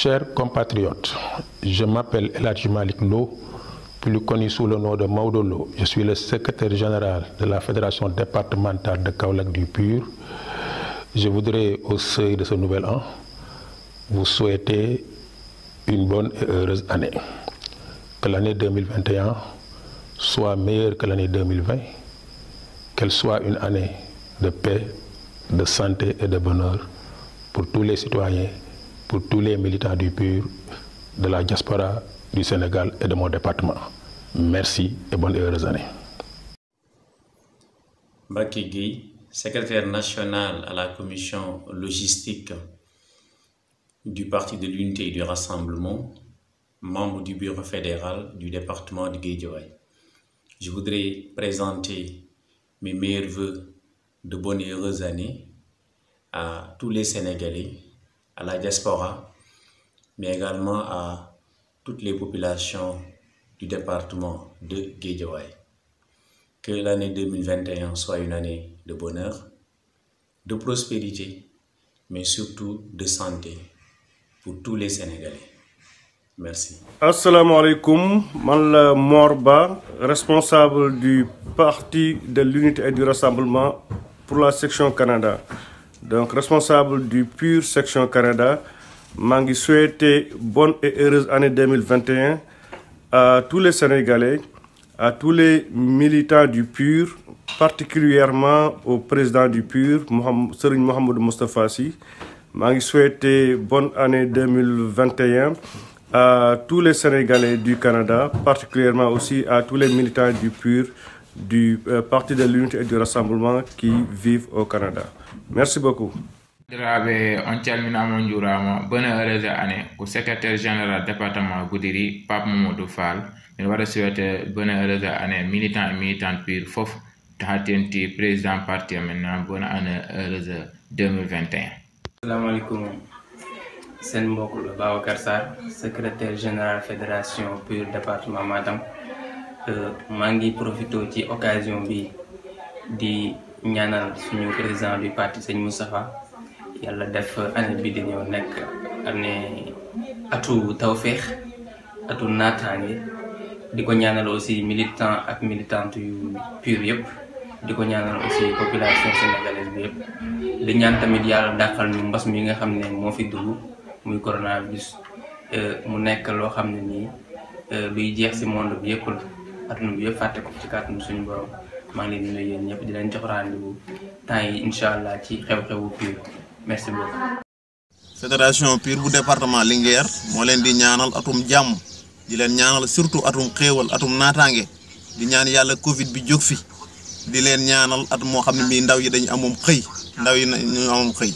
Chers compatriotes, je m'appelle Eladji Malik Lo, plus connu sous le nom de Maudolo. Je suis le secrétaire général de la Fédération départementale de Kaolak du Pur. Je voudrais, au seuil de ce nouvel an, vous souhaiter une bonne et heureuse année. Que l'année 2021 soit meilleure que l'année 2020, qu'elle soit une année de paix, de santé et de bonheur pour tous les citoyens pour tous les militants du PUR, de la diaspora, du Sénégal et de mon département. Merci et bonne et heureuse année. Mbaki secrétaire national à la commission logistique du Parti de l'Unité et du Rassemblement, membre du bureau fédéral du département de Guédiouaï. Je voudrais présenter mes meilleurs voeux de bonne et heureuse année à tous les Sénégalais à la diaspora, mais également à toutes les populations du département de Guédiawaye. Que l'année 2021 soit une année de bonheur, de prospérité, mais surtout de santé pour tous les Sénégalais. Merci. Assalamu alaikum, Morba, responsable du Parti de l'Unité et du Rassemblement pour la section Canada donc responsable du PUR section Canada je souhaite bonne et heureuse année 2021 à tous les Sénégalais à tous les militants du PUR particulièrement au président du PUR Serine Mohamed Mouhamadou Je souhaite bonne année 2021 à tous les Sénégalais du Canada particulièrement aussi à tous les militants du PUR du euh, Parti de l'Unité et du Rassemblement qui vivent au Canada. Merci beaucoup. Diraɓe on calminama jurama bonne heureuse année au secrétaire général département Goudiri Pape Mamadou Fall Je vous souhaite bonne heureuse année militant et militante pour FOF, ha tenti président parti maintenant, bonne année heureuse 2021 assalamu alaikum. sen mbokk Babacar secrétaire général fédération le département Madame. maa ngi profité ci occasion bi di ñaanal suñu président du parti sëñ Moustapha yàlla def année bi dañoo nekk année atu tawféex atu naataange di ko ñaanal aussi militant ak militante yu pur yëpp di ko ñaanal aussi population sénégalaise bi yëpp di ñaan tamit yàlla dàqal ñu mbas mi nga xam ne moo fi duggu muy coronavirus euh, mu nekk loo xam ne nii euh, luy jeex ci monde bi yëpp la adduna bi yëpp suñu borom maa ngi di leen jox rendez allah ci xew-xewu Pire fédération Pire bu département Linguère moo leen di ñaanal atum jàmm di leen ñaanal surtout atum xéewal atum naataange di ñaan yàlla Covid bi jóg fi di leen ñaanal at moo xam ne bii ndaw yi dañu amoon xëy ndaw yi dañu amoon xëy.